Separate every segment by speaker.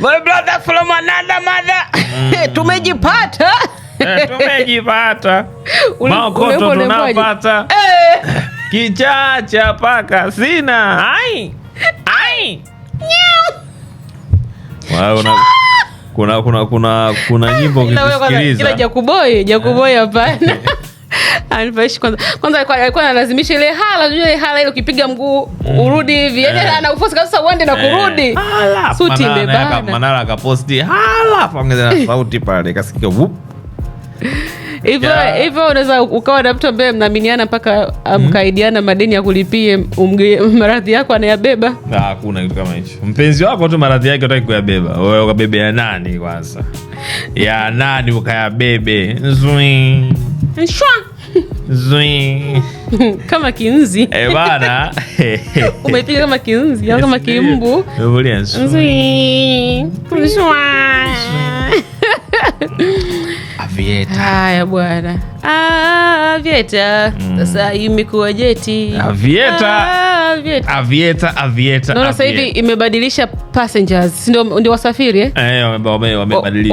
Speaker 1: My brother from another mother.
Speaker 2: Mm. Tumejipata.
Speaker 1: Eh, tumejipata. Maokoto tunapata. Eh. Kichaa cha paka sina. Ai. Ai. Wow, una kuna kuna kuna kuna ah, nyimbo ukisikiliza. Ila
Speaker 2: Jakuboi, Jakuboi eh. hapana. anifurahishi kwanza kwanza, alikuwa analazimisha ile hala, ile hala ile ukipiga mguu mm. urudi hivi, yani eh. kabisa uende na eh. kurudi.
Speaker 1: Ah, Suti imebana. Manara akaposti hala pamoja na sauti pale, kasikia hivyo
Speaker 2: hivyo, unaweza ukawa na mtu ambaye mnaaminiana mpaka hmm? mkaidiana madeni ya kulipie maradhi yako anayabeba.
Speaker 1: Ah, hakuna kitu kama hicho. Mpenzi wako tu maradhi yake utaki kuyabeba wewe, ukabebe ya nani? Kwanza ya nani ukayabebe? nzwi nshwa Zwi.
Speaker 2: kama kinzi
Speaker 1: eh bana
Speaker 2: umepiga kama kinzi au kama kiumbu
Speaker 1: Zwi. Avieta.
Speaker 2: Haya bwana, Avieta ah, mm. sasa imekuwa jeti
Speaker 1: Avieta, ah, Avieta. Ah,
Speaker 2: Naona sasa hivi imebadilisha passengers, ndio wasafiri eh? eh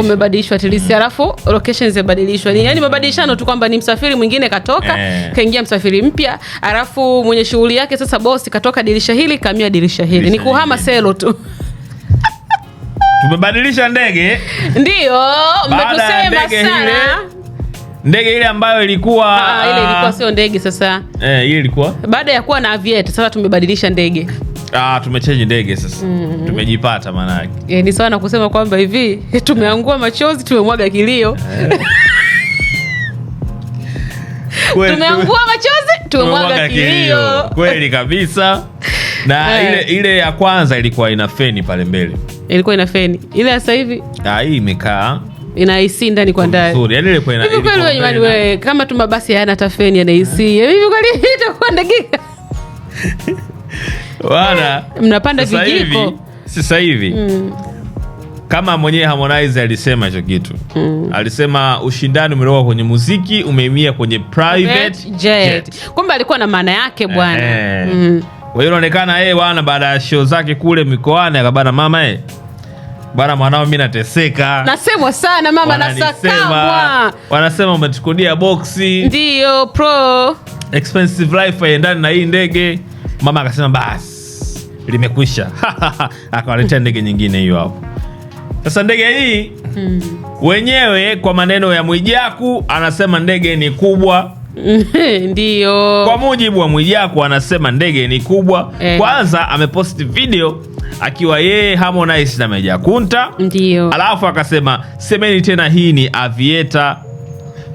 Speaker 2: wamebadilishwa at least, mm. alafu location zimebadilishwa, yaani mabadilishano tu kwamba ni msafiri mwingine katoka eh, kaingia msafiri mpya, alafu mwenye shughuli yake sasa bosi katoka dirisha hili kamia dirisha hili, ni kuhama selo tu
Speaker 1: Tumebadilisha ndege,
Speaker 2: ndio mmetusema sana.
Speaker 1: Ndege ile ambayo ilikuwa Aa, ah, ah,
Speaker 2: ile ilikuwa sio ndege sasa.
Speaker 1: Eh, ile ilikuwa
Speaker 2: baada ya kuwa na aviator, sasa tumebadilisha ndege.
Speaker 1: Ah, tumechange ndege sasa. mm -hmm. Tumejipata maanake.
Speaker 2: Eh, ni sawa na kusema kwamba hivi tumeangua machozi, tumemwaga kilio eh. Tumeangua machozi, tumemwaga kilio
Speaker 1: kweli kabisa na eh. Ile, ile ya kwanza ilikuwa ina feni pale mbele
Speaker 2: ilikuwa ina feni ile sasa hivi
Speaker 1: ah, hii imekaa
Speaker 2: ina AC ndani kwa ndani yaani hivi kweli. Wewe jamani, wewe kama tu mabasi hayana hata feni yana AC eh? yaani hivi kweli itakuwa ndagika
Speaker 1: wana
Speaker 2: eh, mnapanda vijiko
Speaker 1: sasa hivi mm. Kama mwenyewe Harmonize alisema hicho kitu mm. Alisema ushindani umeroka kwenye muziki umeimia kwenye private jet, jet.
Speaker 2: Kumbe alikuwa na maana yake bwana eh. eh. mm.
Speaker 1: Kwa hiyo inaonekana yeye eh, bwana, baada ya show zake kule mikoani akabana, mama eh, bwana mwanao, mimi nateseka,
Speaker 2: nasemwa sana mama, nasakamwa,
Speaker 1: wanasema umechukulia boxi.
Speaker 2: ndio pro
Speaker 1: expensive life haiendani na hii ndege. Mama akasema basi limekwisha. Akawaletea ndege nyingine hiyo hapo. Sasa ndege hii mm, wenyewe kwa maneno ya Mwijaku anasema ndege ni kubwa
Speaker 2: ndio. Kwa
Speaker 1: mujibu wa Mwijaku anasema ndege ni kubwa eh. Kwanza ameposti video akiwa yeye Harmonize na Meja Kunta,
Speaker 2: ndio alafu
Speaker 1: akasema semeni tena, hii ni avieta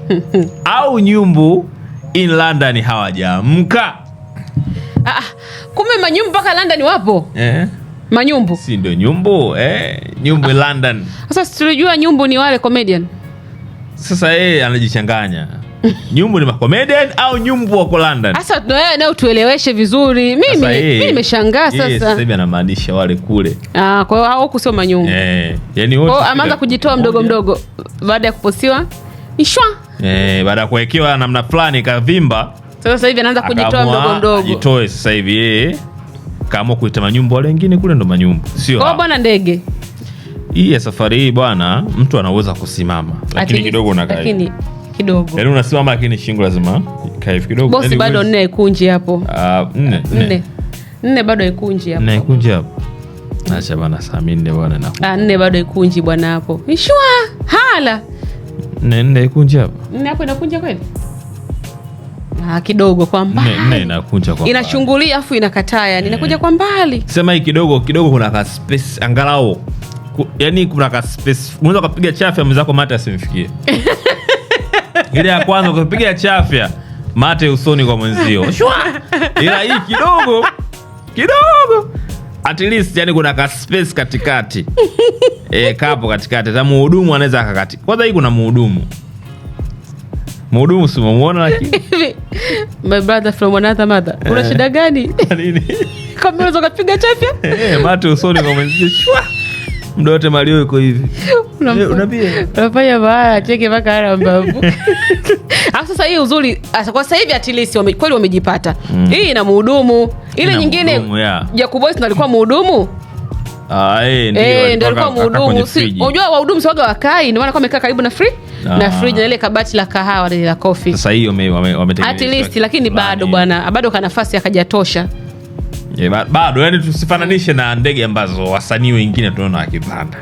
Speaker 1: au nyumbu in London hawajaamka.
Speaker 2: Ah, ah, kumbe manyumbu mpaka London wapo eh. Manyumbu si ndio
Speaker 1: nyumbu eh? Nyumbu ah. London
Speaker 2: sasa tulijua nyumbu ni wale comedian.
Speaker 1: Sasa yeye anajichanganya nyumbu ni macomedian au nyumbu wako London?
Speaker 2: Sasa na utueleweshe vizuri. Mimi eh, nimeshangaa sasa. Sasa
Speaker 1: hivi anamaanisha wale kule.
Speaker 2: Ah, kwa hiyo hao kusio manyumbu Eh, yani wote. Oh, ameanza kujitoa mdogo mdogo baada ya kuposiwa. Ishwa.
Speaker 1: Eh, baada ya kuwekewa namna fulani kavimba.
Speaker 2: Sasa sasa hivi anaanza kujitoa mdogo mdogo.
Speaker 1: Ajitoe sasa hivi yeye. Eh, kama kuita manyumbu wale wengine kule ndo manyumbu.
Speaker 2: Sio. Kwa bwana ndege.
Speaker 1: Hii ya safari hii bwana, mtu anaweza kusimama lakini kidogo unakaa. Lakini kidogo. Yaani unasimama lakini shingo lazima ikae hivi kidogo. Bosi
Speaker 2: yaani bado nne ikunje hapo.
Speaker 1: Ah, nne, nne.
Speaker 2: Nne bado ikunje hapo. Nne
Speaker 1: ikunje hapo. Acha bana nne bwana na.
Speaker 2: Ah, nne bado bwana hapo. hala.
Speaker 1: Nne nne ikunje hapo.
Speaker 2: Nne hapo inakunja kweli? Ah, kidogo kwa mbali. Nne
Speaker 1: inakunja kwa
Speaker 2: Inachungulia afu inakataa yani inakuja kwa mbali.
Speaker 1: Sema hii kidogo kidogo kuna ka space angalau. kuna ka space. Unaweza kupiga mwenzako mata asimfikie. ile ya kwanza ukipiga chafya mate usoni kwa mwenzio shwa, ila hii kidogo kidogo at least yani kuna ka space katikati e, kapo katikati. Hata muhudumu anaweza akakati kwanza. Hii kuna muhudumu muhudumu simemuona, lakini
Speaker 2: my brother from another mother, kuna eh. shida gani? Nini kama unaweza kupiga chafya
Speaker 1: eh mate usoni kwa mwenzio shwa muda wote Mario yuko hivi eh,
Speaker 2: unafanya baya cheke mpaka ana mbavu. sasa hii uzuri kwa sasa hivi at least wame, kweli wamejipata mm. Hii ina muhudumu ile nyingine Jaku Boys ndo alikuwa muhudumu
Speaker 1: ah, eh,
Speaker 2: ndo eh, alikuwa Unajua wahudumu siwaga wakai, ndio maana kwa amekaa karibu na ah. na friji na ile kabati la kahawa la kofi. Sasa
Speaker 1: wametengeneza
Speaker 2: at least, lakini bado bwana, bado kana nafasi akajatosha
Speaker 1: yeah, bado yani tusifananishe na ndege ambazo wasanii wengine tunaona wakipanda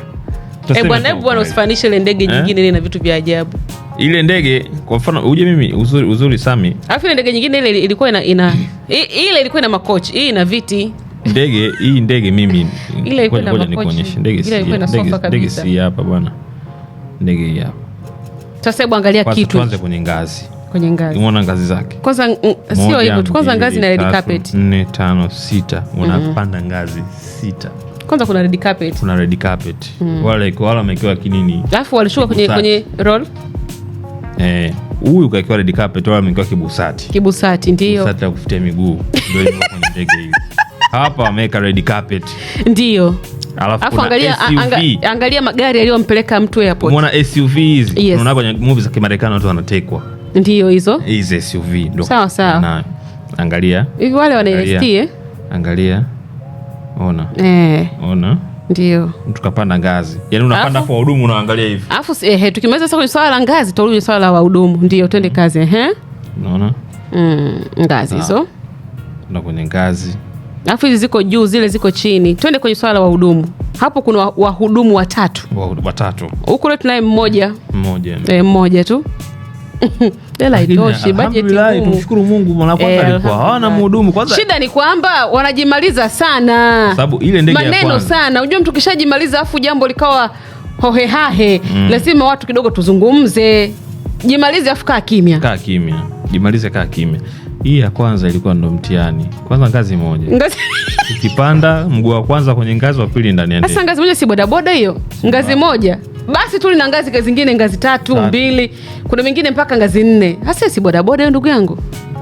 Speaker 2: eh, bwana bwana, usifananishe ile ndege eh? nyingine ile na vitu vya ajabu.
Speaker 1: Ile ndege kwa mfano uje mimi uzuri, uzuri Sami,
Speaker 2: alafu ile ndege nyingine ile ilikuwa ina, ina ile ilikuwa ina makochi, hii ina viti
Speaker 1: ndege hii ndege mimi
Speaker 2: ile ilikuwa ina makochi, ndege
Speaker 1: si hapa bwana, ndege hii hapa
Speaker 2: sasa. Hebu angalia kitu, tuanze
Speaker 1: kwenye ngazi
Speaker 2: kwenye ngazi, umeona
Speaker 1: ngazi zake. Kwanza
Speaker 2: sio hivyo tu, kwanza ngazi na red carpet
Speaker 1: nne tano sita, unapanda mm -hmm. ngazi sita
Speaker 2: kwanza kuna red carpet, kuna
Speaker 1: red carpet mm. wale wale wamekiwa kinini,
Speaker 2: alafu walishuka kwenye kwenye roll
Speaker 1: eh, huyu kaikiwa red carpet, wale wamekiwa kibusati,
Speaker 2: kibusati ndio sasa
Speaker 1: kufutia miguu ndio hiyo kwenye ndege hiyo hapa wameweka red carpet
Speaker 2: ndio. Alafu angalia, anga, angalia magari yaliyompeleka mtu airport,
Speaker 1: umeona SUV hizi, yes. unaona kwenye movie za Kimarekani watu wanatekwa
Speaker 2: ndio hizo
Speaker 1: hizo SUV ndo.
Speaker 2: Sawa sawa. Na angalia hivi wale wana ST eh?
Speaker 1: Angalia, ona
Speaker 2: eh, ona
Speaker 1: ndio tukapanda ngazi, yani unapanda kwa wahudumu, unaangalia hivi
Speaker 2: alafu eh, tukimaliza sasa kwenye swala la ngazi tutarudi kwenye swala la wahudumu, ndio twende mm. kazi ehe, unaona mm, ngazi ah. hizo
Speaker 1: na kwenye ngazi
Speaker 2: alafu hizi ziko juu, zile ziko chini. Twende kwenye swala la wahudumu. Hapo kuna wahudumu watatu watatu, huku leo tunaye mmoja
Speaker 1: mmoja, e,
Speaker 2: mmoja tu hela itoshi
Speaker 1: bajeti ngumu. Tumshukuru Mungu, mwana kwanza eh. alikuwa hawana mhudumu kwanza.
Speaker 2: Shida ni kwamba wanajimaliza sana, sababu ile ndege ya kwanza maneno sana. Unajua mtu kishajimaliza afu jambo likawa hohehahe, mm. lazima watu kidogo tuzungumze. Jimalize afu kaa kimya, kaa
Speaker 1: kimya, jimalize, kaa kimya. Hii ya kwanza ilikuwa ndo mtihani. Kwanza ngazi moja ukipanda mguu wa kwanza kwenye ngazi, wa pili ndani ya ndege.
Speaker 2: Sasa ngazi moja si bodaboda hiyo ngazi moja basi tu lina ngazi zingine, ngazi tatu tatu mbili, kuna mingine mpaka ngazi nne. Hasa si bodaboda hiyo, ndugu yangu.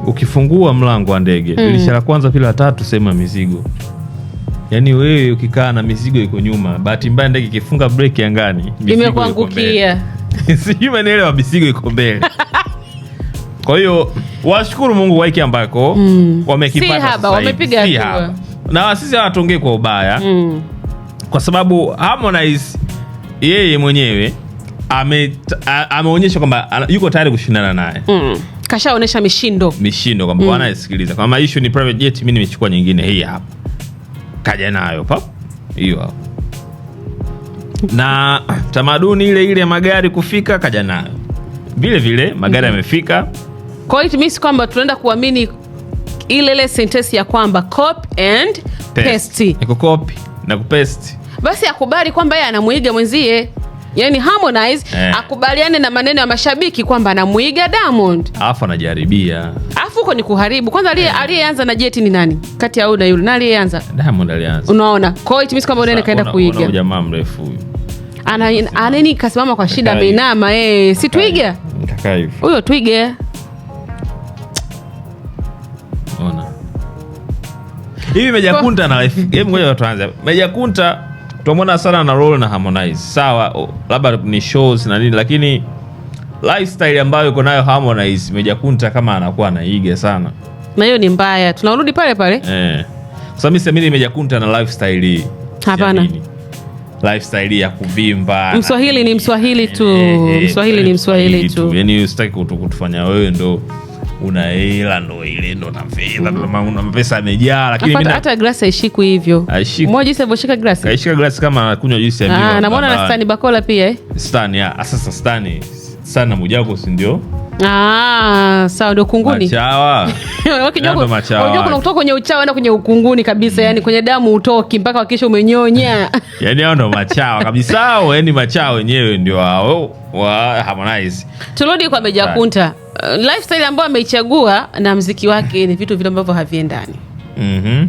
Speaker 1: Ukifungua mlango wa ndege mm, dirisha la kwanza pili la tatu, sema mizigo. Yaani wewe ukikaa na mizigo iko nyuma, bahati mbaya ndege ikifunga breki angani
Speaker 2: imekuangukia.
Speaker 1: Sijui umenielewa, mizigo iko mbele Kwa hiyo washukuru Mungu kwa hiki ambako
Speaker 2: mm. wamekipata sasa, wamepiga hatua
Speaker 1: na sisi hawatongee kwa ubaya mm. kwa sababu Harmonize yeye mwenyewe ameonyesha kwamba yuko tayari kushindana naye
Speaker 2: mm. kashaonyesha mishindo
Speaker 1: mishindo kwamba mm. wanasikiliza kama issue ni private jet, mimi nimechukua nyingine hii hapa, kaja nayo pap, hiyo na tamaduni ile ile ya magari kufika, kaja nayo vile vile magari mm-hmm. yamefika mm.
Speaker 2: Kwa hiyo it kwamba tunaenda kuamini ile ile sentensi ya kwamba cop and paste, ni
Speaker 1: kukopi na kupaste.
Speaker 2: Basi akubali kwamba yeye anamwiga mwenzie, yani Harmonize eh, akubaliane na maneno ya mashabiki kwamba anamwiga Diamond,
Speaker 1: alafu anajaribia,
Speaker 2: alafu huko ni kuharibu kwanza. Eh, aliyeanza na Jeti ni nani kati ya huyu na yule? Na aliyeanza
Speaker 1: Diamond alianza,
Speaker 2: unaona. Kwa hiyo it kwamba unaenda kaenda kuiga, una
Speaker 1: jamaa mrefu huyu
Speaker 2: anani kasimama kwa shida, ameinama eh, si twiga huyo, twiga
Speaker 1: hivi Meja Kunta na life game. Ngoja tuanze. Meja Kunta tumwona sana na role na Harmonize, sawa, labda ni shows na nini, lakini lifestyle ambayo iko nayo Harmonize, Meja Kunta kama anakuwa anaiga sana,
Speaker 2: na hiyo ni mbaya. Tunarudi pale pale
Speaker 1: eh. kwa sababu mimi siamini Meja Kunta na lifestyle hii, hapana lifestyle ya kuvimba.
Speaker 2: Mswahili ni mswahili tu, eh, eh, eh, mswahili ni mswahili tu,
Speaker 1: yani usitaki kutufanya wewe ndo una hela ndo ile ndo na fedha hmm. una pesa amejaa, lakini
Speaker 2: mimi hata glasi haishiku hivyo. Mmoja jinsi alivyoshika glasi,
Speaker 1: kaishika glasi kama kunywa juisi ya mimi.
Speaker 2: Ah, na naona na stani bakola pia eh,
Speaker 1: stani ah, ah sasa stani sana mujako, si ndio?
Speaker 2: Ah, sawa, ndio kunguni
Speaker 1: machawa
Speaker 2: wakijoko Unajua kuna kutoka kwenye uchawa na kwenye ukunguni kabisa, yani kwenye damu utoki mpaka wakisha umenyonya.
Speaker 1: Yani hao ndo machawa kabisa, yani machawa wenyewe ndio hao wa Harmonize.
Speaker 2: Turudi kwa Meja Kunta uh, lifestyle ambayo ameichagua na mziki wake ni vitu vile ambavyo haviendani. mm -hmm.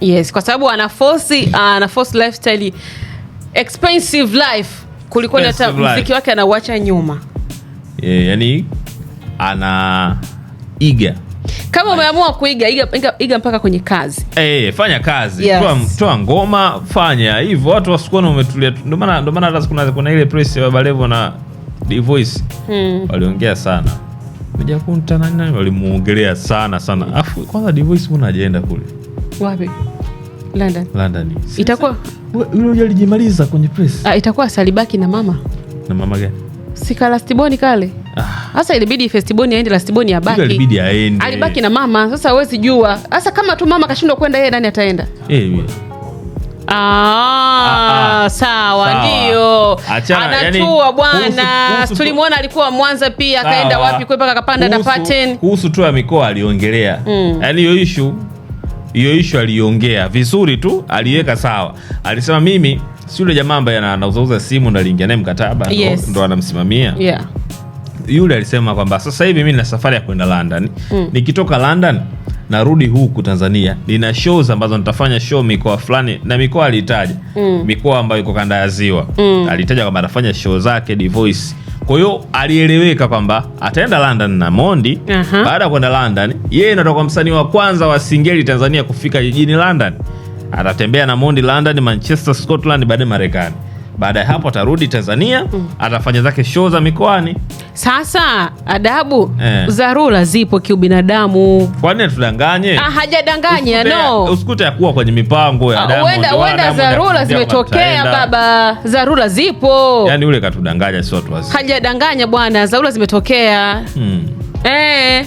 Speaker 2: Yes, kwa sababu ana force ana force lifestyle expensive life kuliko hata mziki wake anauacha nyuma.
Speaker 1: Yeah, yani ana iga
Speaker 2: kama umeamua kuiga iga, iga, iga mpaka kwenye kazi
Speaker 1: hey, eh, eh, fanya kazi yes. Toa, toa ngoma fanya hivyo, watu wasikuona umetulia. Ndio maana ndio maana hata kuna kuna ile press ya Baba Levo na Dvoice hmm. waliongea sana Mjakunta nani nani walimuongelea sana sana, afu kwanza Dvoice mbona ajaenda kule
Speaker 2: wapi? London, London itakuwa
Speaker 1: yule alijimaliza kwenye press.
Speaker 2: Ah, itakuwa salibaki na mama na mama gani sika lastiboni kale ah. sasa ah. Ilibidi festiboni aende lastiboni abaki,
Speaker 1: ilibidi aende,
Speaker 2: alibaki na mama. Sasa huwezi jua sasa, kama tu mama kashindwa kwenda, yeye nani ataenda? Eh, hey, Ah, ah, ah. sawa, ndio anatua bwana. Tulimwona alikuwa Mwanza pia akaenda wapi kule mpaka akapanda na
Speaker 1: Kuhusu tu ya mikoa aliongelea, yaani hiyo ishu hiyo ishu aliongea vizuri tu, aliweka sawa. Alisema mimi si yule jamaa ambaye anauzauza simu ndo aliingia naye mkataba, yes. ndo anamsimamia yeah. Yule alisema kwamba sasa hivi mimi na safari ya kwenda London mm. nikitoka London narudi huku Tanzania, nina shows ambazo nitafanya show mikoa fulani, na mikoa alitaja mm. mikoa ambayo iko kanda ya ziwa mm. alitaja kwamba atafanya show zake Divoice kwa hiyo alieleweka kwamba ataenda London na Mondi. uh -huh. Baada ya kwenda London, yeye natoka msanii wa kwanza wa singeli Tanzania kufika jijini London. Atatembea na Mondi London, Manchester, Scotland, baadaye Marekani. Baada ya hapo atarudi Tanzania mm. atafanya zake show za mikoani.
Speaker 2: Sasa adabu eh, zarula zipo kiubinadamu.
Speaker 1: Kwa nini tudanganye? Ah,
Speaker 2: hajadanganya no.
Speaker 1: Usikute yakuwa kwenye mipango ya damu. Wenda
Speaker 2: wenda zimetokea baba, zarula zipo.
Speaker 1: yani ule katudanganya sio tu.
Speaker 2: Hajadanganya bwana, zarula zimetokea. Mm. Eh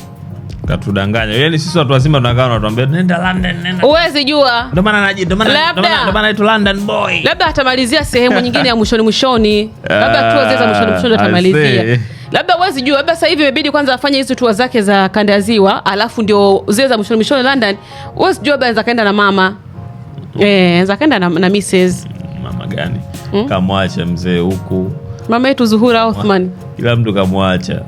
Speaker 1: katudanganya. yani, sisi watu wazima tunakaa tunatuambia nenda London, nenda.
Speaker 2: Uwezi jua. Ndio
Speaker 1: maana anaji, ndio maana ndio maana anaitwa London boy.
Speaker 2: Labda atamalizia sehemu nyingine ya mwishoni mwishoni. Labda tu wazee za mwishoni mwishoni ah, atamalizia. Labda uwezi jua. Labda sasa hivi imebidi kwanza afanye hizo tour zake za kanda ya Ziwa, alafu ndio zile za mwishoni mwishoni London. Uwezi jua labda anaweza kaenda na mama. Eh, anaweza kaenda na, na Mrs.
Speaker 1: Mama gani? Mm? Kamwache mzee huku
Speaker 2: mama yetu Zuhura Othman,
Speaker 1: kila mtu kamwacha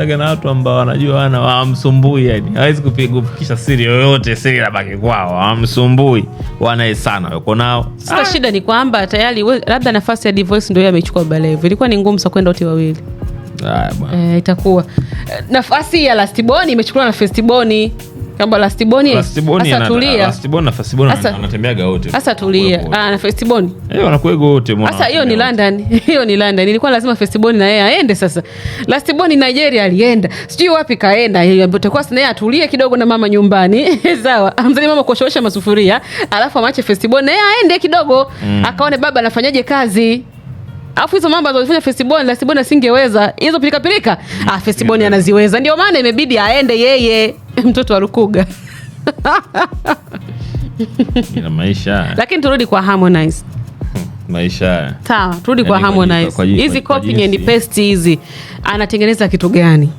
Speaker 1: aga na watu ambao wanajua ana wamsumbui, yani hawezi kufikisha siri yoyote, siri labaki kwao, wamsumbui wanae sana yuko nao.
Speaker 2: Sasa ah. shida ni kwamba tayari labda nafasi ya divorce ndio amechukua Baba Levo, ilikuwa ni ngumu sana kwenda wote wawili.
Speaker 1: Haya bwana,
Speaker 2: eh, itakuwa eh, nafasi ya lastiboni imechukuliwa na Firstborn kwamba Lastiboni sasa tulia,
Speaker 1: Lastiboni na Fastiboni wanatembeaga wote
Speaker 2: sasa tulia, ah na Fastiboni
Speaker 1: eh wanakuwego wote mwana
Speaker 2: sasa. Hiyo ni London, hiyo ni London. Ilikuwa lazima Fastiboni na yeye aende sasa. Lastiboni Nigeria alienda, sijui wapi kaenda, itakuwa sasa naye atulie kidogo na mama nyumbani sawa, amzani mama kuoshoosha masufuria, alafu amache Fastiboni na yeye aende kidogo mm. akaone baba anafanyaje kazi afu hizo mambo alizofanya Festibon Lastibon asingeweza hizo pilikapilika. Ah, Festibon anaziweza, ndio maana imebidi aende yeye. yeah, yeah mtoto wa Lukuga
Speaker 1: maisha.
Speaker 2: Lakini turudi kwa Harmonize
Speaker 1: hmm, maisha
Speaker 2: sawa, turudi kwa Harmonize. Hizi copying and paste hizi anatengeneza kitu gani?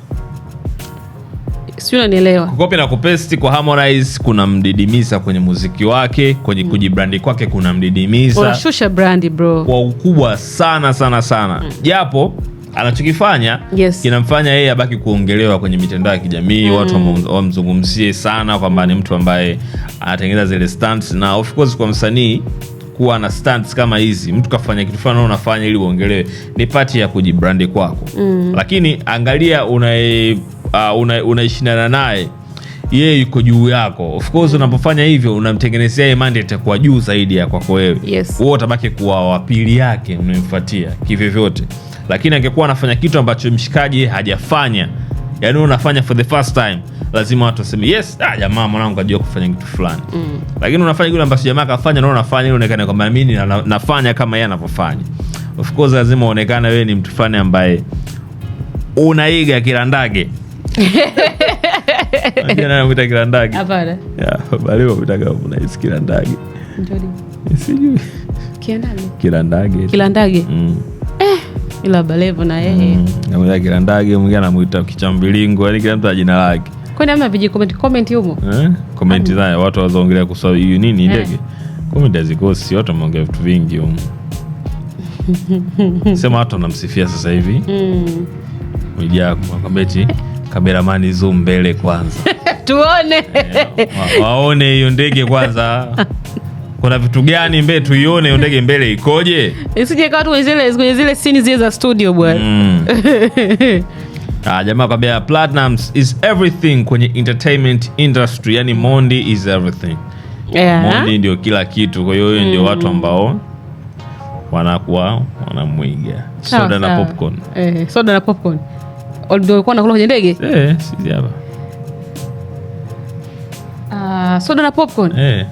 Speaker 2: Sio, unanielewa? Kukopi
Speaker 1: na kupesti kwa Harmonize kuna mdidimiza kwenye muziki wake, kwenye mm. kujibrandi kwake kuna mdidimiza,
Speaker 2: unashusha brandi bro kwa
Speaker 1: ukubwa sana sana sana, hmm. japo mm anachokifanya
Speaker 2: yes, kinamfanya
Speaker 1: yeye abaki kuongelewa kwenye mitandao ya kijamii mm. Watu wamzungumzie sana kwamba ni mtu ambaye anatengeneza zile stunts, na of course kwa msanii kuwa na stunts kama hizi, mtu kafanya kitu fulani unafanya ili uongelewe, ni pati ya kujibrandi kwako mm. Lakini angalia unaishindana uh, una, una naye yeye yuko juu yako. Of course unapofanya hivyo unamtengenezea yeye mandate kwa juu zaidi ya kwako wewe, yes. Wewe utabaki kuwa wa pili yake mnamfuatia kivyovyote lakini angekuwa anafanya kitu ambacho mshikaji hajafanya, yani unafanya for the first time, lazima watu waseme yes, ah, jamaa mwanangu kajua kufanya kitu fulani mm. Lakini unafanya kile ambacho jamaa kafanya na unafanya ile unaonekana kwamba mimi na, nafanya kama yeye anavyofanya. Of course lazima uonekane wewe ni mtu fulani ambaye unaiga kila ndage namwita kila ndage balioitakanahisi kila ndage eh, sijui kila ndage kila
Speaker 2: ndage ila Balevo na yeye mm.
Speaker 1: namwita kila ndage, mwingine anamuita kichambilingo, yani kila mtu ana jina lake.
Speaker 2: Kwani ama viji comment comment humo eh,
Speaker 1: comment zaya watu kwa sababu hiyo nini eh. ndege, comment hazikosi, watu wameongea vitu vingi humo sema watu wanamsifia sasa hivi mm. Mwijaku nakwambia eti kameramani zoom mbele kwanza
Speaker 2: tuone,
Speaker 1: eh, waone hiyo ndege kwanza kuna vitu gani mbele tuione hiyo ndege mbele ikoje,
Speaker 2: isije ikawa tu kwenye zile sini zile za studio bwana mm.
Speaker 1: Ah, jamaa kwambia Platinums is everything kwenye entertainment industry, yani Mondi is everything yeah. Mondi ndio kila kitu, kwa hiyo mm. ndio watu ambao wanakuwa wanamwiga soda na popcorn
Speaker 2: eh, soda na popcorn ndio walikuwa wanakula kwenye ndege
Speaker 1: eh, sisi hapa
Speaker 2: ah, soda na popcorn eh.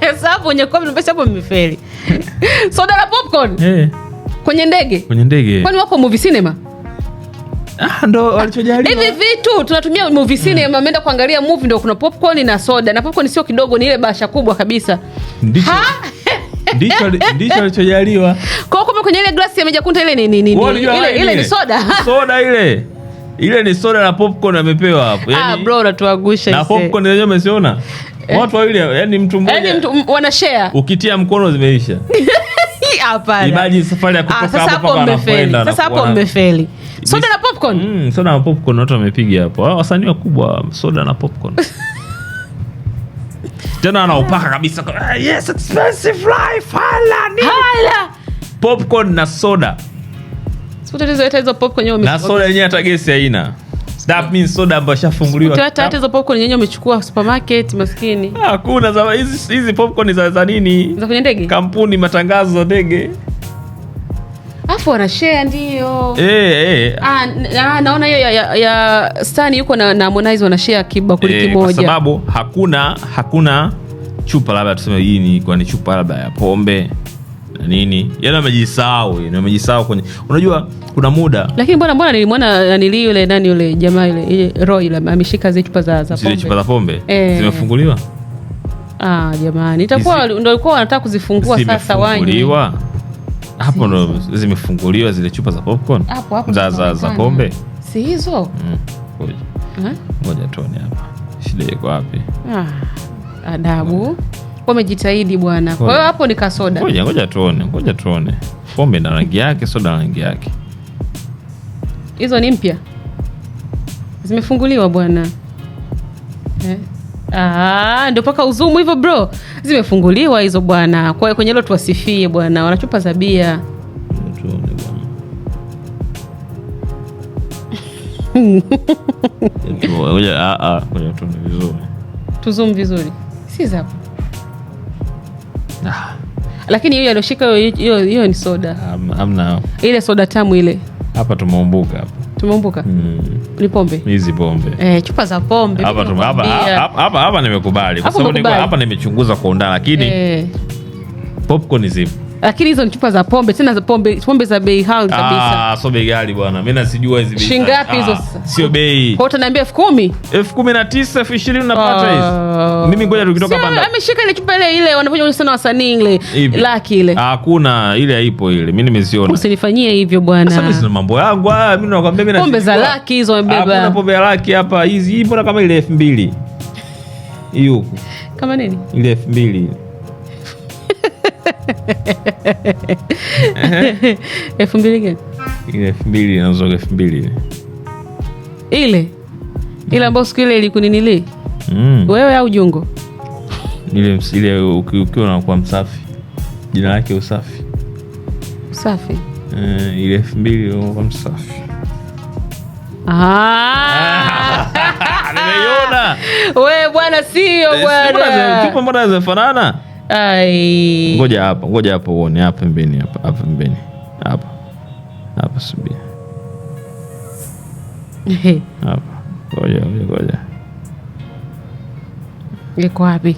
Speaker 2: Sasa kwenye hapo mmefeli. Soda la popcorn. Eh. Kwenye ndege. Kwenye
Speaker 1: ndege. Kwani wako movie cinema? Ah, ndo walichojaliwa.
Speaker 2: Hivi vitu tunatumia movie eh. cinema, ameenda kuangalia movie ndo kuna popcorn na soda. Na popcorn sio kidogo, ni ile basha kubwa kabisa. Ndicho.
Speaker 1: Ndicho alichojaliwa.
Speaker 2: Kwa hiyo kwenye ile glasi amejakunta ile ni nini? Ile ile ni soda.
Speaker 1: Soda ile. Ile ni soda na popcorn amepewa hapo.
Speaker 2: yani, ah yaani bro, unatuagusha. Na
Speaker 1: popcorn yenyewe umesiona? Eh. watu wawili yani mtu mmoja
Speaker 2: yani mtu wana share,
Speaker 1: ukitia mkono zimeisha. Hapana, ibaji safari ya ah,
Speaker 2: kutoka hapo mpaka anakwenda. Sasa hapo mmefeli. Soda na popcorn.
Speaker 1: Mm, soda na popcorn watu wamepiga hapo. Wasanii wakubwa soda na popcorn. Tena anaupaka kabisa. Ah, yes, expensive life. Hala ni.
Speaker 2: Hala.
Speaker 1: Popcorn na soda.
Speaker 2: Soda hizo hizo popcorn yenyewe. Na
Speaker 1: soda yenyewe hata gesi haina. That means soda ambayo shafunguliwa.
Speaker 2: Hata hata za popcorn nyenye umechukua supermarket maskini.
Speaker 1: Ah, hakuna za hizi hizi popcorn za za nini? Za
Speaker 2: kwenye ndege. Kampuni
Speaker 1: matangazo za ndege.
Speaker 2: Afu wana share ndio.
Speaker 1: Eh eh.
Speaker 2: Ah, ah naona hiyo ya, ya, ya Stani yuko na, na Harmonize wana share kibakuli
Speaker 1: e, kimoja. Kwa sababu hakuna hakuna chupa labda tuseme hii ni kwa ni chupa labda ya pombe nini, yani amejisahau, yani amejisahau kwenye, unajua kuna muda. Lakini
Speaker 2: mbona mbona nilimwona eh, nili yule nani yule jamaa yule eh, Roy yule ameshika zile chupa za za pombe,
Speaker 1: zile chupa za pombe e, zimefunguliwa.
Speaker 2: Ah, jamani itakuwa ndio alikuwa wanataka kuzifungua sasa
Speaker 1: wanywe hapo ndo zimefunguliwa zile chupa za popcorn hapo hapo za, za, za pombe si hizo. mmoja tuone hapa shida iko wapi?
Speaker 2: ah Adabu wamejitahidi bwana. Kwa hiyo hapo ni kasoda.
Speaker 1: Ngoja ngoja tuone, ngoja tuone. Pombe na rangi yake, soda na rangi yake.
Speaker 2: Hizo ni mpya, zimefunguliwa bwana eh? Ah, ndio paka uzumu hivyo bro, zimefunguliwa hizo bwana. Kwa hiyo kwenye hilo tuwasifie bwana, wanachupa za bia
Speaker 1: ah, ah,
Speaker 2: tuzumu vizuri, si zapo ah. Lakini hiyo alioshika hiyo ni soda amna, um, ile soda tamu ile.
Speaker 1: Hapa tumeumbuka hapa
Speaker 2: tumeumbuka mm. Ni pombe hizi
Speaker 1: pombe eh,
Speaker 2: chupa za pombe
Speaker 1: hapa. Nimekubali kwa sababu hapa nimechunguza kwa undani, lakini eh, popcorn zipo
Speaker 2: lakini hizo ni chupa za pombe tena za pombe, pombe za bei hali
Speaker 1: kabisa. Ah, so bei gali bwana, mimi nasijua hizi bei shilingi ngapi hizo. Ah, sio bei, kwa
Speaker 2: utaniambia elfu kumi
Speaker 1: elfu kumi na tisa elfu ishirini unapata ah. hizo. Mimi ngoja tukitoka banda,
Speaker 2: ameshika ile chupa ile ile wanaponya sana wasanii ile laki ile, ah,
Speaker 1: hakuna ile, haipo ile, mimi nimeziona.
Speaker 2: Usinifanyie hivyo bwana, sasa
Speaker 1: mimi sina mambo yangu haya, mimi nakwambia
Speaker 2: mimi pombe za laki hizo wamebeba.
Speaker 1: Hakuna pombe ya laki hapa, hizi mbona kama ile elfu mbili hiyo, kama nini ile elfu mbili elfu mbili gani ile? elfu mbili elfu mbili
Speaker 2: ile ile ambayo siku ile ilikuninili mm. wewe au jungo
Speaker 1: ile ile, ukiwa nakuwa msafi, jina lake usafi usafi uh, ile elfu mbili unakuwa msafi nimeiona.
Speaker 2: We bwana, sio eh, bwana,
Speaker 1: mbona zinafanana?
Speaker 2: Ngoja
Speaker 1: hapa, ngoja hapa uone hapa pembeni, hapa hapa pembeni, hapa hapa, subiri hapa, ngoja ngoja,
Speaker 2: iko wapi?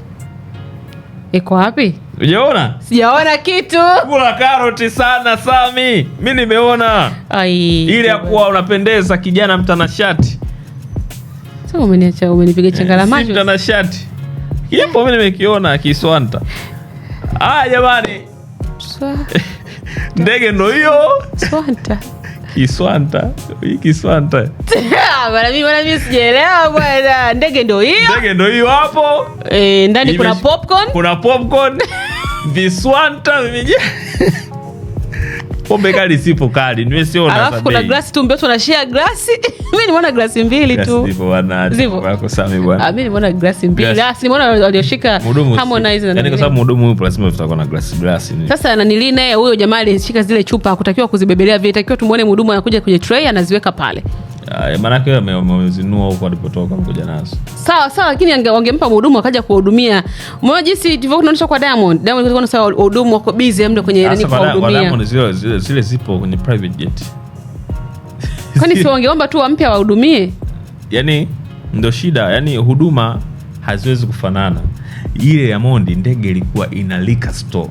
Speaker 2: Iko wapi? Ujaona? Sijaona kitu.
Speaker 1: Kula karoti sana Sami, mi nimeona
Speaker 2: ile
Speaker 1: ya kuwa unapendeza kijana mtanashati.
Speaker 2: Sasa umeniacha, umenipiga eh, changala macho
Speaker 1: mtanashati Kipo mimi nimekiona kiswanta. Ah, jamani. Ndege ndo hiyo. Swanta. Kiswanta. Hii kiswanta.
Speaker 2: Ah, bwana mimi bwana mimi sijaelewa bwana. Ndege ndo hiyo.
Speaker 1: Ndege ndo hiyo hapo.
Speaker 2: Eh, ndani kuna popcorn.
Speaker 1: Kuna popcorn. Viswanta vimejaa. pombe kali sipo kali, niwe siona. Alafu kuna
Speaker 2: glasi tu, mbeto na share glasi. Mimi nimeona glasi mbili tu,
Speaker 1: zipo bwana, zipo wako sami bwana.
Speaker 2: Mimi ah, nimeona glasi mbili, ah, nimeona walioshika Harmonize na yani,
Speaker 1: kwa sababu mhudumu yupo, lazima tutakuwa na glasi glasi.
Speaker 2: Sasa na nili naye huyo jamaa alishika zile chupa, hakutakiwa kuzibebelea vile, takiwa tumuone mhudumu anakuja kwenye tray anaziweka pale
Speaker 1: maanake wamezinua huko walipotoka kuja nazo
Speaker 2: sawa sawa, lakini wangempa mhudumu akaja kuwahudumia Umeona jinsi tunaionyesha kwa Diamond. Diamond wahudumu wako bizi mda kwenye
Speaker 1: kuwahudumia. Zile zipo kwenye private jet,
Speaker 2: kwani si wangeomba tu wampya wahudumie?
Speaker 1: Yani ndo shida, yani huduma haziwezi kufanana. Ile ya Mondi ndege ilikuwa ina liquor store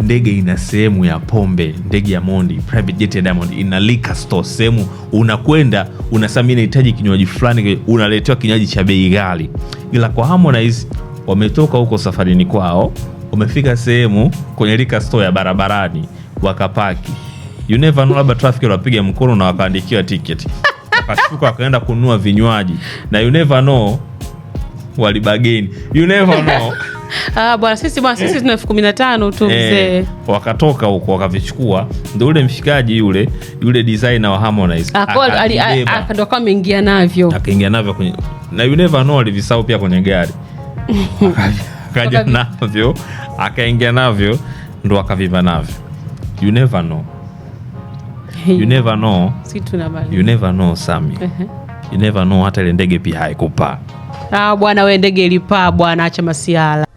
Speaker 1: ndege ina sehemu ya pombe, ndege ya Mondi, private jet ya Diamond ina liquor store, sehemu unakwenda unasema mimi nahitaji kinywaji fulani, unaletewa kinywaji cha bei ghali. Ila kwa Harmonize wametoka huko safarini kwao, wamefika sehemu kwenye liquor store ya barabarani, wakapaki. You never know, labda traffic wapiga mkono na wakaandikiwa ticket wakashuka wakaenda kununua vinywaji, na you never know, walibageni, you never know
Speaker 2: Ah, bwana sisi bwana sisi eh. tuna elfu kumi na tano tu eh,
Speaker 1: mzee. Wakatoka huko wakavichukua, ndio ule mshikaji yule yule designer wa Harmonize
Speaker 2: ah, ndo kama ameingia navyo
Speaker 1: akaingia navyo kwenye, na you never know alivisau pia kwenye gari akaja navyo akaingia navyo ndo akaviva navyo, you never know you never know tuna bali. you never know Sami, you never know hata ile ndege pia haikupaa.
Speaker 2: Ah, bwana wewe ndege ilipaa bwana, acha masiala.